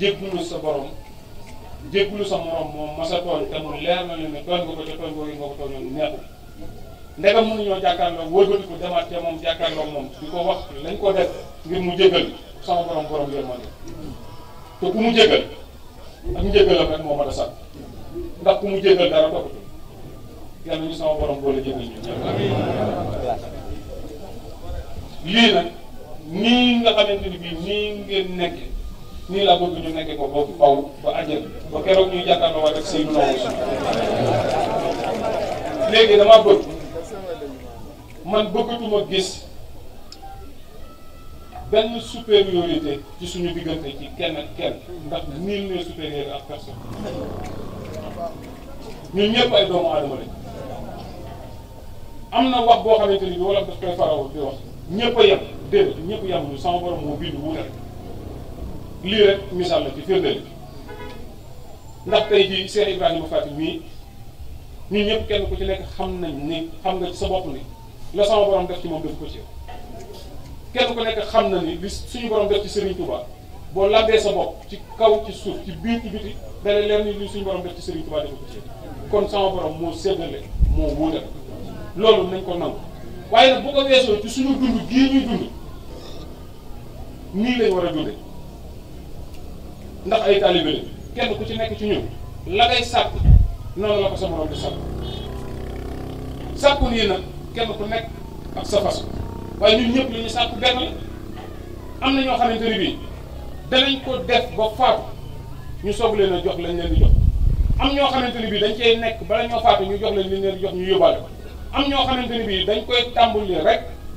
jéggulu sa borom jéggulu sa morom moom ma sa tooñ te mu leer na leen ne tooñ nga ko ca tooñ boobu nga ko tooñoon neexul ndegam mënuñoo jàkkaarloo wëlbatiku demaat ca moom jàkkaarloo moom di ko wax lañ ko def ngir mu jégal sama borom borom yërmande te ku mu jégal ak njégalam rek moo ma da sax ndax ku mu jégal dara topp yàlla ñu sama borom boole jégal ñu lii nag nii nga ni bii nii ngeen nekkee ni la bëgg ñu nekkee ko ba baw ba àjjana ba keroog ñuy jàkkaarloo waa def say lu léegi dama bëgg man bëggatuma gis benn supériorité ci suñu diggante ci kenn ak kenn ndax nul ne supérieur ak personne ñun ñëpp ay doomu aadama rek am na wax boo xamante ni bi wala daf koy faraw di wax ñëpp a yem déedéet ñëpp yem ñu sama borom moo bind rek lii rek misaal la ci firndeel bi ndax tey jii Cheikh Ibrahima Faty mii ñun ñëpp kenn ku ci nekk xam nañ ni xam nañ sa bopp ni la sama borom def ci moom def ko ci kenn ku xam na suñu borom def ci Serigne Touba boo làmbee sa bopp ci kaw ci suuf ci biir ci biti dana leer ni suñu borom def ci Serigne Touba def ko ci kon sama borom moo séddale moo wóotal loolu nañ ko nangu waaye nag bu ko weesoo ci suñu dund gii ñuy dund nii lañ war a dundee. ndax ay taalibe kenn ku ci nekk ci ñun la ngay sàkk noonu la ko sa morom di sàkk nii nag kenn ku nekk ak sa fas waaye ñu ñëpp li ñu sàkk benn la am na ñoo xamante ne bii danañ ko def ba faatu ñu soog leen jox lañ leen di jox am ñoo xamante ne bii dañ cey nekk bala ñoo faatu ñu jox leen li leen di jox ñu yóbbaale am ñoo xamante ne bii dañ koy tàmbali rek.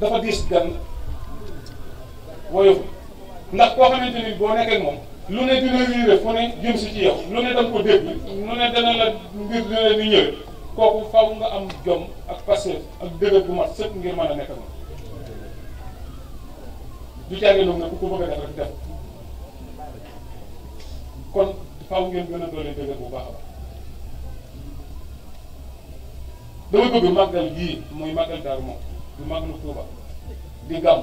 dafa diis gan woyofu ndax koo xamante ni boo nekkee moom lu dina riire fu ne jëm si ci yow lu ne danga ne la mbir dina la ni ñëwee kooku faw nga am jom ak passé ak dëgër bu mat sëpp ngir mën moom du jàngee loolu nag ku ko bëgg a def rek kon faw ngeen gën a doole bu baax a baax dama bëgg màggal gii muy màggal moom du màggalu Tuuba di gàmm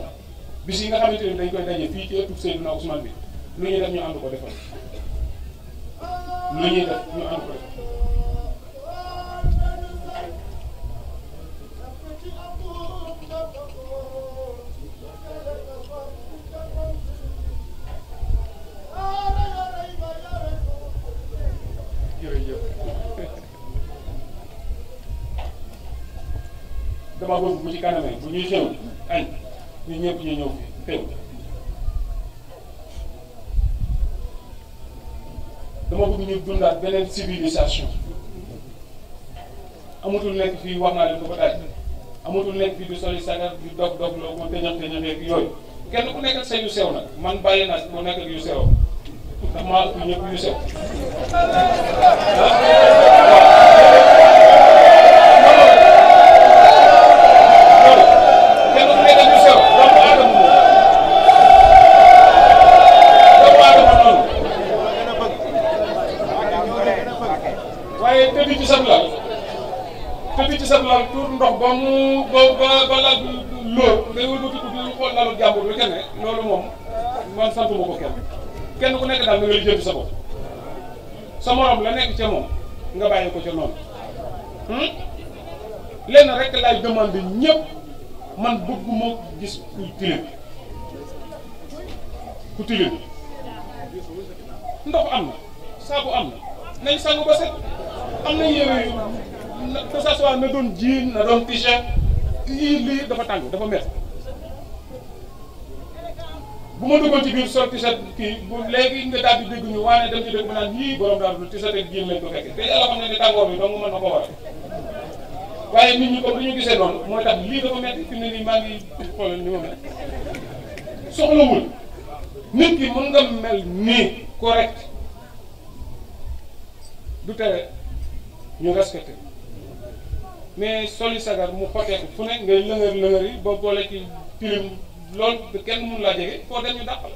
bis yi nga xamante ne dañ koy daje fii ci ëttu Seydina Ousmane bi lu ñuy def ñu ànd ko defal lu ñuy def ñu ànd damaa bëgg bu ci kanamee bu ñuy xew añ ñun ñëpp ñu ñëw fi xew dama bëgg ñu dundaat beneen civilisation amatul nekk fii wax naa leen ko ba taaj amatul nekk fii du soli sagar du dog dog loo ko teñax teñax nekk yooyu kenn ku nekk ak sa yu sew nag man bàyyi naa ku nekk ak yu sew ndax maa ëpp ñëpp yu sew ba mu ba ba ba laaj bi loo ngay loolu moom man sant ma ko kenn kenn ku nekk daal na nga jënd sa bopp sa morom la nekk ca moom nga bàyyi ko ca noonu hmm? lenn rek laay demande ñëpp man bëgguma gis kuy tilim ku tilim ndox am na saabu am na nañ sangu ba set am na yéwe que ça soit na doon jean na doon t-shirt lii dafa tàng dafa meex bu ma duggoon ci biir sol t-shirt kii bu léegi nga daal di dégg ñu waaye dem ci dégg mu naan ñii borom daal lu t-shirt ak jean ne ne tàngoor bi dong mën na ko waral ni nit ñi comme dañu gisee noonu mooy tax lii dafa metti fi ne nii maa ngi xoolal ni ma mel soxlawul nit ki mën nga mel nii correct du tere ñu respecté mais soli sagar mu xotee ko fu ne ngay lëngër lëngër yi ba boole ci pilim loolu kenn mënu laa jege foo dem ñu dàq moo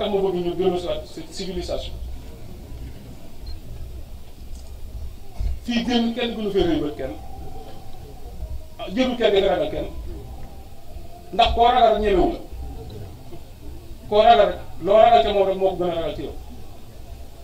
tax ma bëgg ñu gën a cette civilisation fii gën kenn gënu fee rëy bët kenn ah, jëru kenn dina ragal kenn ndax koo ragal rek ñemewu la koo ragal rek loo moom gën a ragal ci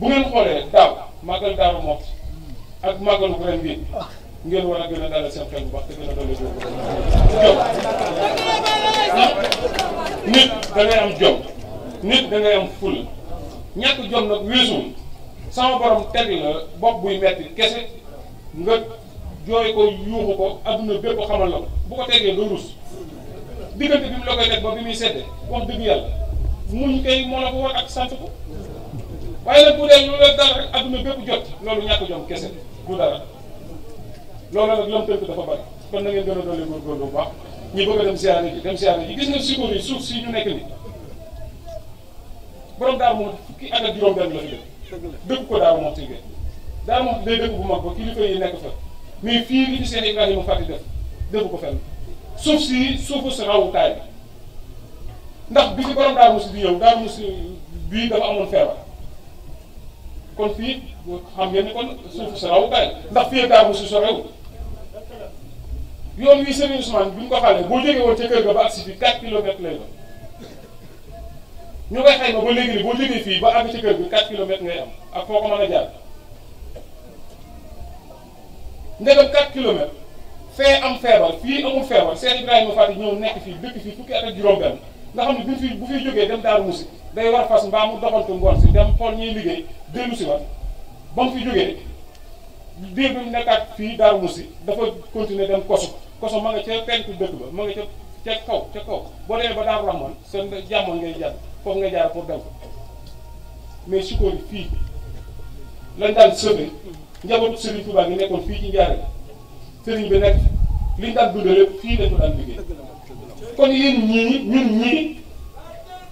bu ngeen xoolee daaw màggal Daaru Muxti ak màggalu ren bii ngeen war a gën a dalal seen xel bu baax te gën a dolli jom nit da am jom nit da ngay am ful ñàkk jom nag weesuwul sama borom teg la buy metti kese nga jooy ko yuuxu ko adduna bépp xamal la ko bu ko tegee doo rus diggante bi mu la koy teg ba bi muy sedde wax dëgg yàlla muñ kay moo la war ak sant ko waaye nag bu dee lu la dal rek adduna bépp jot loolu ñàkk jom kese du dara loolu nag lam tënk dafa bari kon na ngeen gën a doole góorgóorlu bu baax ñi bëgg a dem siyaare ji dem siyaare ji gis nga ko yi suuf si ñu nekk ni borom daar moom fukki ak ak juróom-benn la fi def ko daaru moom si gée daar moom day dëkk bu mag ba kilifa yi nekk fa mais fii li ci seen Ibrahima Fati def dëkk ko fenn suuf si suufu si rawutaay ndax bi ci borom daar mu si di ñëw daar mu si bii dafa amoon feebar kon fii xam ngeen ne kon suuf sa rawukaay ndax fii daawu suuf sa rew yoon wi Serigne Ousmane bi mu ko xaale boo jógee woon ca kër ga ba agsi fii 4 kilomètres lay doon ñu koy xayma ba boo jógee fii ba àgg ci kër gi ngay am ak foo mën a jaar ndegam 4 kilomètres fee am feebar fii amul feebar Cheikh Ibrahima Fatick ñëw nekk fii dëkk fii fukki at ak juróom bu fi bu fiy jógee dem Darou Moussi. day war fas mbaa mu si dem xool ñuy liggéey dellu si waat ba mu fi jógee diir bi mu nekkaat fii Darou Moussi dafa continuer dem kosu kosu ma nga ca penku dëkk ba ma nga ca ca kaw ca kaw boo demee ba Darou Rahman seen jàmmoon ngay jàll foofu ngay jaar pour dem ko mais Chikori fii lañ daan sëbe njabootu Serigne Touba gi nekkoon fii ci njaare Serigne bi nekk liñ daan dundale fii lañ daan liggéey kon yéen ñii ñun ñii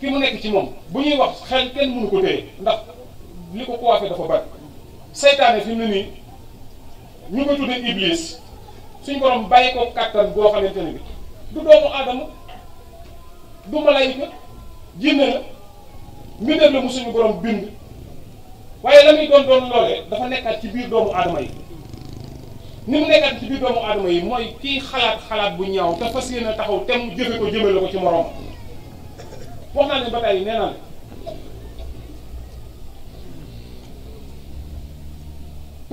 fi mu nekk ci moom bu ñuy wax xel kenn mënu ko téye ndax li ko coiffé dafa bari seytaane fi mu nii ñu koy tuddee iblis suñ borom bàyyi ko kàttan goo xamante ne bi doomu aadama du malayka jinne la mu suñu borom bind waaye la muy doon doon loolee dafa nekkaat ci biir doomu aadama yi ni mu nekkaat ci biir doomu aadama yi mooy kii xalaat xalaat bu ñaaw te fas yéene taxaw tem jëfe ko jëme ko ci moroom wax naa leen ba tey nee naa leen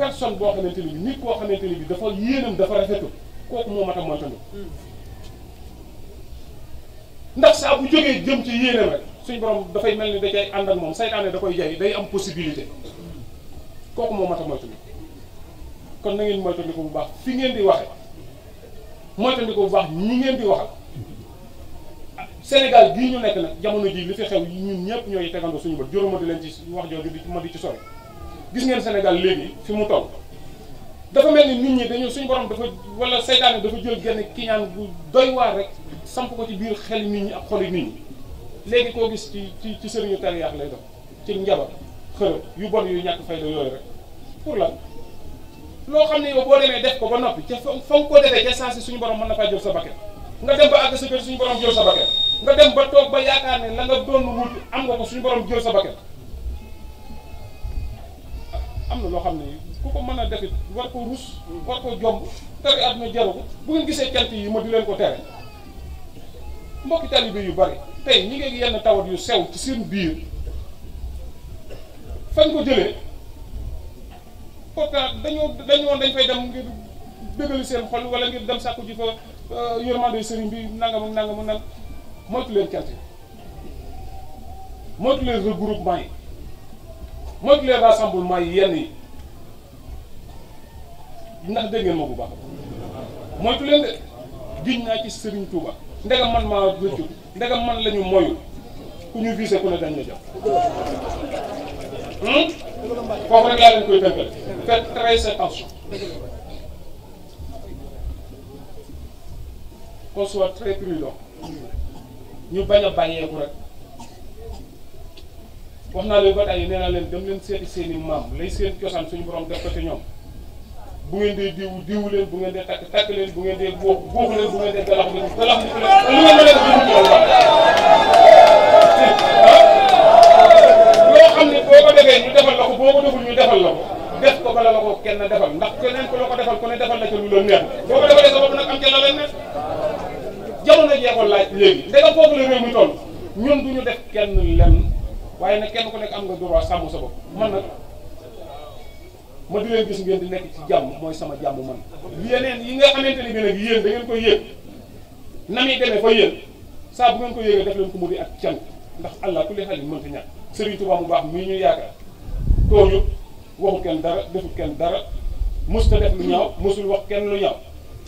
personne boo xamante ne bi nit koo xamante ne bi dafa yéenam dafa rafetu kooku moo mat a montanu ndax saa bu jógee jëm ci yéenam rek suñu borom dafay mel ni da cay ànd ak moom saytaane da koy jay day am possibilité kooku moo mat a montanu kon nangeen ngeen moytandiku bu baax fi ngeen di waxe moytandiku bu baax ñi ngeen di waxal Sénégal gii ñu nekk nag jamono ji li fi xew ñun ñëpp ñooy tegandoo suñu bët juróomati leen ci wax jooju di ma di ci sori gis ngeen Sénégal léegi fi mu toll dafa mel ni nit ñi dañu suñu borom dafa wala seytaane dafa jël genn kiñaan bu doy waar rek samp ko ci biir xel nit ñi ak xoli nit ñi léegi koo gis ci ci ci sëriñu tariyaax lay dox ci njabar xërëb yu bon yu ñàkk fayda yooyu rek pour lan loo xam ne yoo boo demee def ko ba noppi ca fa nga ko defee suñu borom mën na faa jël sa bakkan nga dem ba àgg sa sa bakkan nga dem ba tok ba yaakaar ne la nga doon wut am nga ko suñu borom jël sa bakkan am na loo xam ne ku ko mën a def war ko rus war ko jomb tere àdduna jaru ko bu ngeen gisee cant yi ma di leen ko tere mbokki talibé yu bari tey ñi ngi yenn tawat yu sew ci seen biir fañ ko jëlee pourtant dañoo dañoo dañ fay dem ngir dëggali seen xol wala ngir dem sakku ji fa euh, yërmande sëriñ bi nangam nangam nangam Je les quartiers, yi les regroupements, regroupement les rassemblements rassemblement yenn ni, ndax de ma bu de Je ci Serigne Touba man Je suis man ñu ne dañ Je hmm? suis faites très attention qu'on soit très prudent ñu bañ a bàyyeeku rek wax naa leen ba tey ne naa leen dem leen seeti seen i maam lay seen cosaan suñu borom def ko ci ñoom bu ngeen dee diw diw leen bu ngeen dee takk takk leen bu ngeen dee góox góox leen bu ngeen dee galax leen galax leen lu ngeen mën a def loo boo ko defee ñu defal la ko boo ko deful ñu defal la ko def ko bala la ko kenn ko defal ku ne defal la ca jamono jeexoon laaj léegi ndega foofu la réew mi toll ñun du ñu def kenn lenn waaye nag kenn ku nekk am nga droit sàmm sa ko man nag ma di leen gis ngeen di nekk ci jàmm mooy sama jàmm man yeneen yi nga xamante ni bi nag yéen da ngeen yéeg na muy demee fa yéen saa bu ngeen ko yéegee def leen ko mu di ak can ndax allah ku li xali mënta ñàkk Serigne Touba mu baax mii ñu yaakaar tooñu waxu kenn dara defu kenn dara mës ta def lu ñaaw mosul wax kenn lu ñaaw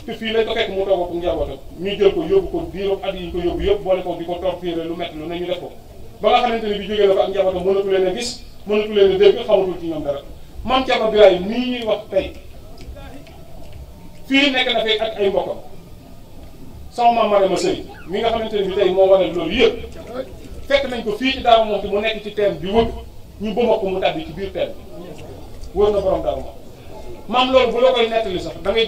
te fii lañ ko fekk mu toog ak njabootam ñu jël ko yóbbu ko diiroog at yi ñu ko yóbbu yëpp boole ko di ko torturé lu métti lu ne ñu def ko ba nga xamante ne bi jógee na fa ak njabootam mënatu leen a gis mënatu leen a dégg xamatul ci ñoom dara maam Thierno Birahim ñuy wax tey fii nekk na fay ak ay mbokkam sama maam Marema Sëy mi nga xamante ne bi tey moo waral loolu yëpp fekk nañ ko fii ci Daaru Muxti mu nekk ci teen bi wëgg ñu bëma ko mu tàbbi ci biir teen wër na borom Daaru Muxti maam loolu bu la koy nettali sax da ngay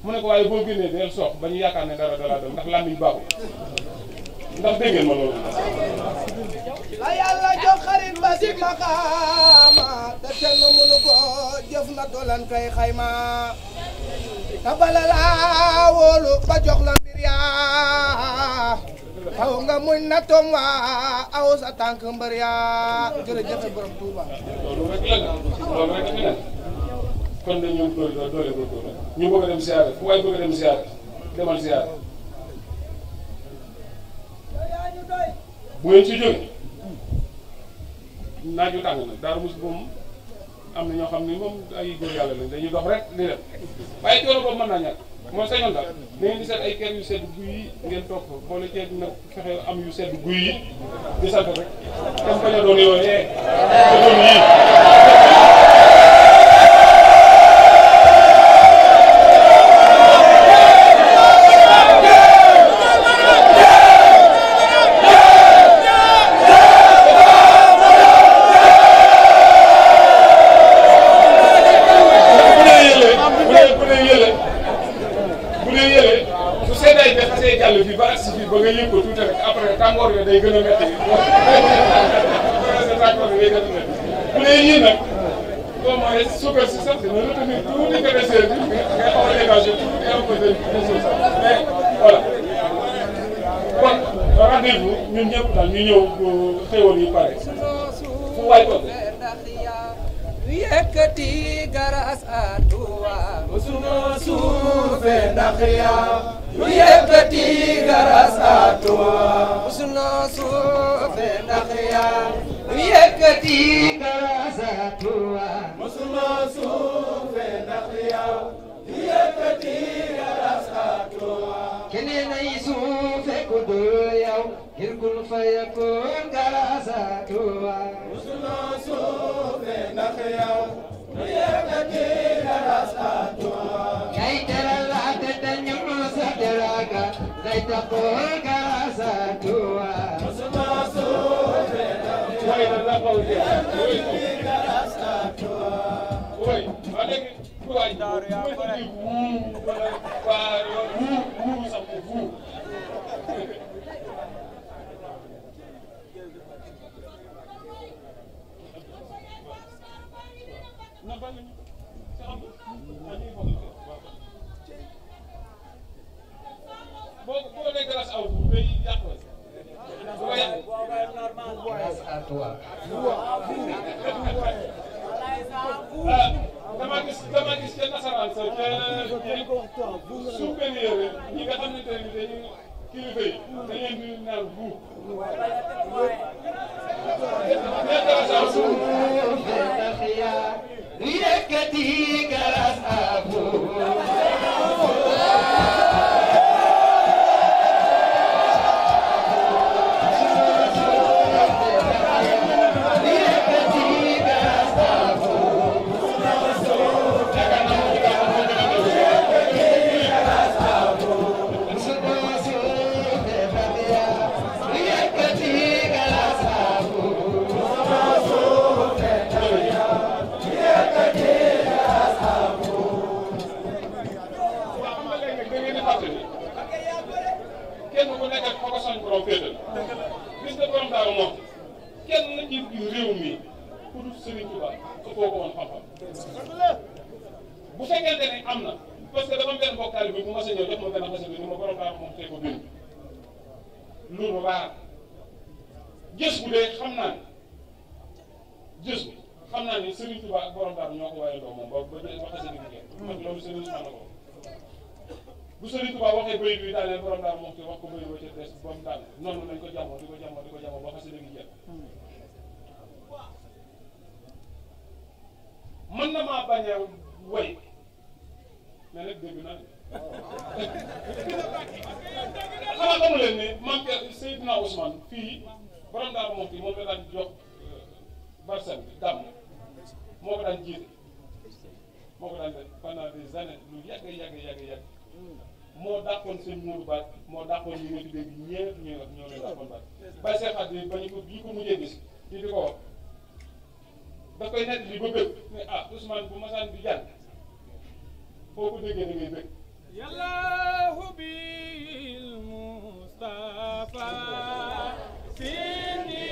mu ne ko waaye boo génnee deel soox ba ñu yaakaar ne dara ndax làmmiñ baaxul ndax dégg ma loolu la yàlla jox xarit ba si maqaama te te nu mënu ko jëf na dolan kay xayma te bala laa ba jox la mbir yaa nga muñ na tom waa aw sa tànk mbër yaa jërëjëf borom Tuuba kon nag ñoom doole doole doole góorgóorlu ñu bëgg a dem ziare fu waay bëgg a dem ziare demal ziare bu ngeen ci jógee naaj yu tàng nag Darou am na ñoo xam ne moom ay góor yàlla lañ dañuy dox rek di dem waaye coono boobu mën naa ñàkk mooy sañoon daal na ngeen di seet ay kër yu sedd guy ngeen toog ko boole ceeb nag fexe am yu sedd guy yi di sant rek tam bañ a doon yooyee te doon yii. day gën a métti bu dee yii nag au moins suukar si sax dina retenir tuuti que des heures bi nga xaw a dégagé mais voilà kon rendez-vous ñun ñëpp daal ñu ñëw xéwal yi pare fu waay toll yëkkati garas àdduwa musunoo suufe إن كل فيكون قاساتوا وصلوا سوفي نخيو ويبكي قاساتوا كي ترى العدد النموس دراكا لي تقول قاساتوا وصلوا سوفي نخيو ويبكي قاساتوا وي عليك وي دار يا فرح jàmm di ko jàmm di ko jàmm ba gi jeex mën na maa bañ a way mais nag dégg naa xanaa xamu leen ne man Seydina Ousmane fii borom daal moom fii moom la daan jox barsan bi dàmm moo ko daan jiite moo ko daan def pendant des années lu yàgg yàgg moo dàqoon seen muuru baat moo dàqoon ñu nga tuddee bi ñëpp ñuy wax ñoo leen dàqoon baat bàyyi seen xat bi ba ñu ko bi ñu ko mujjee gis ñu di ko wax ah, bu masaan bi jàll foo ko déggee da ngay bëgg bil Mustafa sini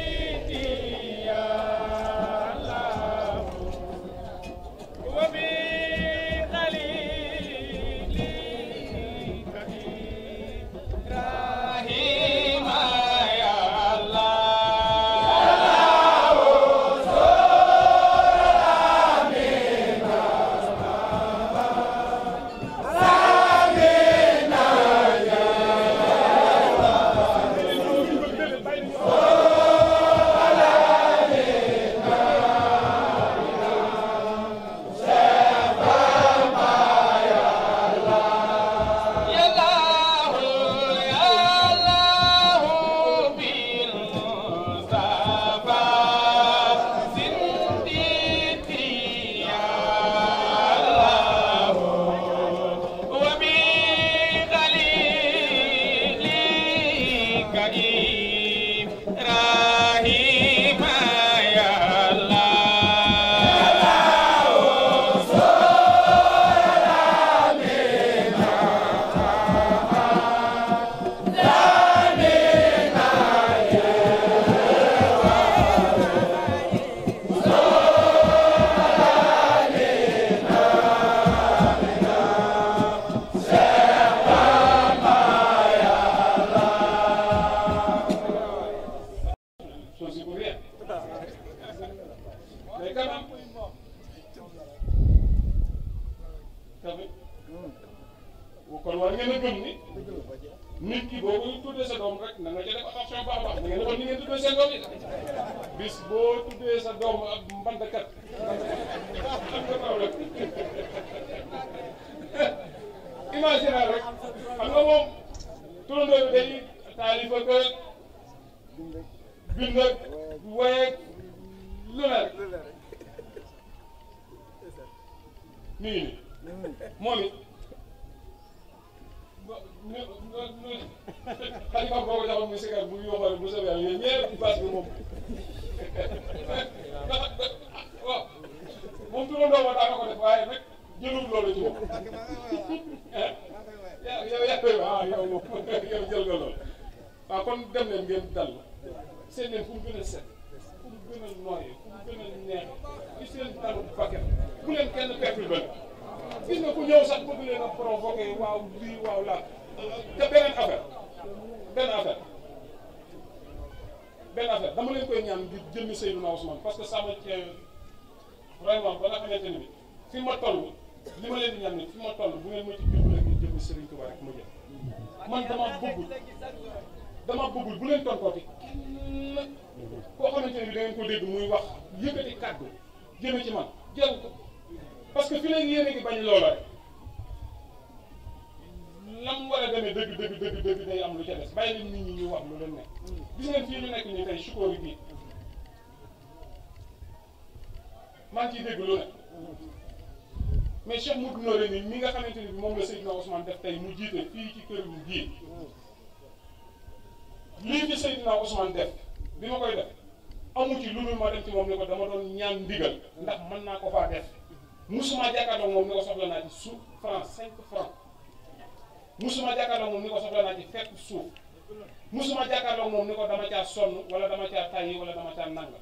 kay taalifa ka bind ak woyeeg lu ne rek mi ngi nii moom it xalifa boobu dafa muy sigar bu yombal bu soobee yàlla yooyu ñëpp bas bi moom ndax waaw moom turam doomu daana Ah, yow yaa koy waaw yow moom yow jël nga lool waaw kon dem leen ngeen dal seen leen fu mu gën a set fu mu gën a nooyee fu mu gën a neexee gis leen talu paquet bu leen kenn perturbé gis nga ku ñëw sax bëgg leen a provoqué waaw lii waaw laa te beneen affaire benn affaire benn affaire dama leen koy ñaan ngir jëmmi Seydou Ousmane parce que sama ci vraiment ba nga xamante ni bi fi ma toll. li ma leen di ñaan fi ma toll bu ngeen ma ci jëmbalee ngeen jëmmi Serigne Touba rek ma jël man dama bëggul dama bëggul bu leen tontooti koo xamante ne bi da ngeen ko dégg muy wax yëkkati kàddu jëme ci man jël ko parce que fi léegi yéen a ngi bañ loola lam war a demee dëgg dëgg dëgg dëgg day am lu ca des bàyyi leen nit ñi ñu wax lu leen nekk gis ngeen fii ñu nekk nii tey sukkoor yi bii maa mais Cheikh Modou Nouré ni mi nga xamante ni moom la Seydina Ousmane def tey mu jiite fii ci kër gi gii lii fi Seydina Ousmane def bi ma koy def amu ci lu dul ma dem ci moom ni ko dama doon ñaan ndigal ndax mën naa ko faa def musuma jàkkaarloo moom ni ko soxla naa ci suuf franc cinq franc musuma jàkkaarloo moom ni ko soxla naa ci fekk suuf musuma jàkkaarloo moom ni ko dama caa sonn wala dama caa tàyyi wala dama caa nanga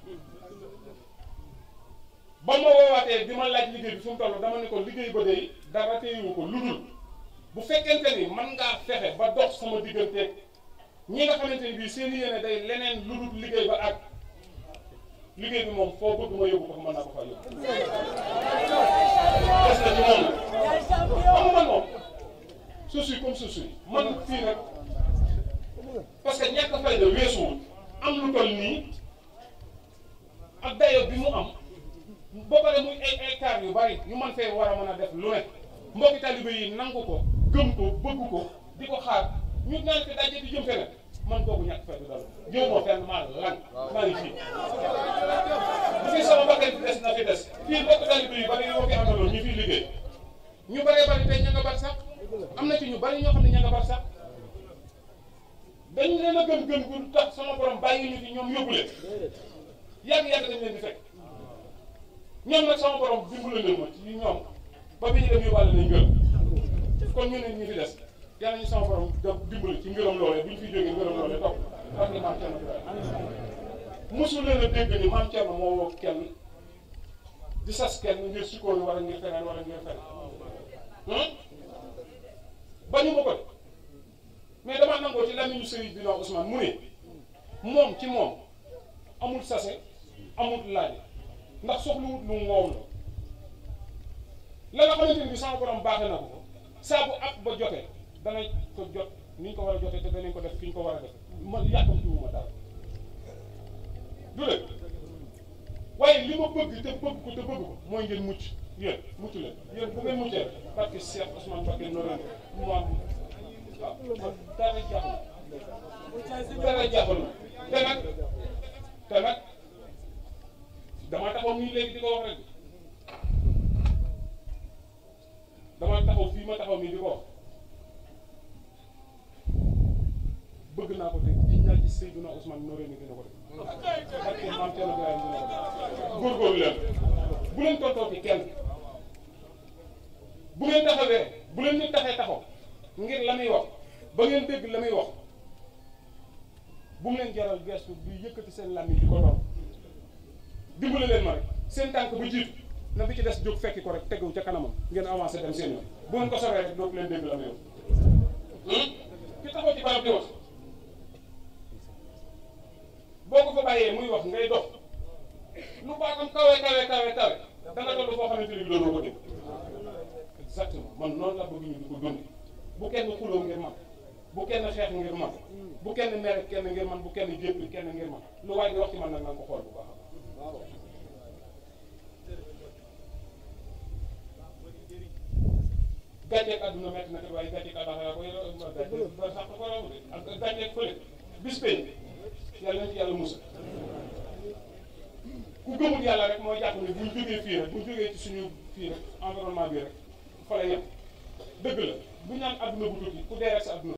ba ma woowaatee di ma laaj liggéey bi fu mu toll dama ne ko liggéey ba day dara téyewu ko lu dul bu fekkente ni man ngaa fexe ba dox sama digganteeg ñi nga xamante ni bii seen yéene day leneen lu dul liggéey ba ak liggéey bi moom foo bëgg ma yóbbu ko mën naa ko fa yóbbu. des na ci moom xam nga moom suuf parce que am lu toll nii ak dayo bi mu am. ba pare muy ay ay yu bari ñu mën fee war mën a def lu ne mbokki talibe yi nangu ko gëm ko bëgg ko di ko xaar ñu naan fi daje di jëm feneen man kooku ñàkk fekk dal ñëw moo fenn maa lan maa ngi fii bu fi sama bakkan fi des na fi des fii mbokk talibe yi bari yoo fi amaloon ñu fiy liggéey ñu baree bari tey ña nga am na ci ñu bari ñoo xam ne ña nga bar sax dañu leen a gëm gëm gu tax sama borom bàyyi ñu fi ñoom yóbbu leen yàgg yàgg dañu leen di fekk ñoom nag sama borom dimbali leen ma ci ñoom ba bi ñu dem yóbbaale nañ ngërëm kon ñu ne ñu fi des yàlla ñu sama borom dimbali ci ngërëm loolee bu ñu fi jógee ngërëm loolee topp parce que maam Thierno bi mosul leen a dégg ni maam Thierno moo woo kenn di sas kenn ngir sukkoon wala ngir feneen wala ngir feneen hmm? bañu ma ko de mais damaa nangoo ci lamiñu sëriñ bi noo Ousmane mu ne moom ci moom amul sase amul laaje ndax soxluwut lu moom la la nga xamante ni bi sama borom baaxe na ko saa bu at ba jotee danañ ko jot ni ñu ko war a jotee te danañ ko def fi ñu ko war a def man yàkkamtiwuma dara du leen waaye li ma bëgg te bëgg ko te bëgg ko mooy ngeen mucc yéen mucc leen yéen bu ngeen muccee parce que Cheikh Ousmane Mbacké noonu la waaw man dara jaaxal dara jaaxal te nag dama taxaw ni léegi di ko wax rek dama taxaw fii ma taxaw nii di ko wax bëgg naa ko te jiñ naa ci Seydina Ousmane Noré ni dina ko def parce que maam Thierno Birahim dina ko def góorgóorlu leen bu leen ko toog kenn bu ngeen taxawee bu leen ñu taxee taxaw ngir la muy wax ba ngeen dégg la muy wax bu mu leen jaral gestu bi yëkkati seen làmmiñ di ko doon dimbale leen ma rek seen tànk bu jiitu na bi ci des jóg fekki ko rek tegu ca kanamam ngeen avancé dem seen yoon bu ngeen ko soree rek dootu leen dégg la may wax ki taxaw ci barab di wax boo ko fa bàyyee muy wax ngay dox lu baaxam kawe kawe kawe kawe danga toll foo xamante ni bi doonoo ko dégg exactement man noonu la bëgg ñu di ko dund bu kenn xuloo ngir man bu kenn xeex ngir man bu kenn mere kenn ngir man bu kenn jépp kenn ngir man lu waay di wax ci man nag na nga ko xool bu baax gànneeg àdduna métti na te waaye gànneeg àllaxira koy ba sax ko raw de ak bis pay yàlla na ci musa ku gëmul yàlla rek moo jàpp ne buñ jógee fii rek buñ jógee ci suñu fii rek environnement bi rek fa la yem dëgg la bu ñaan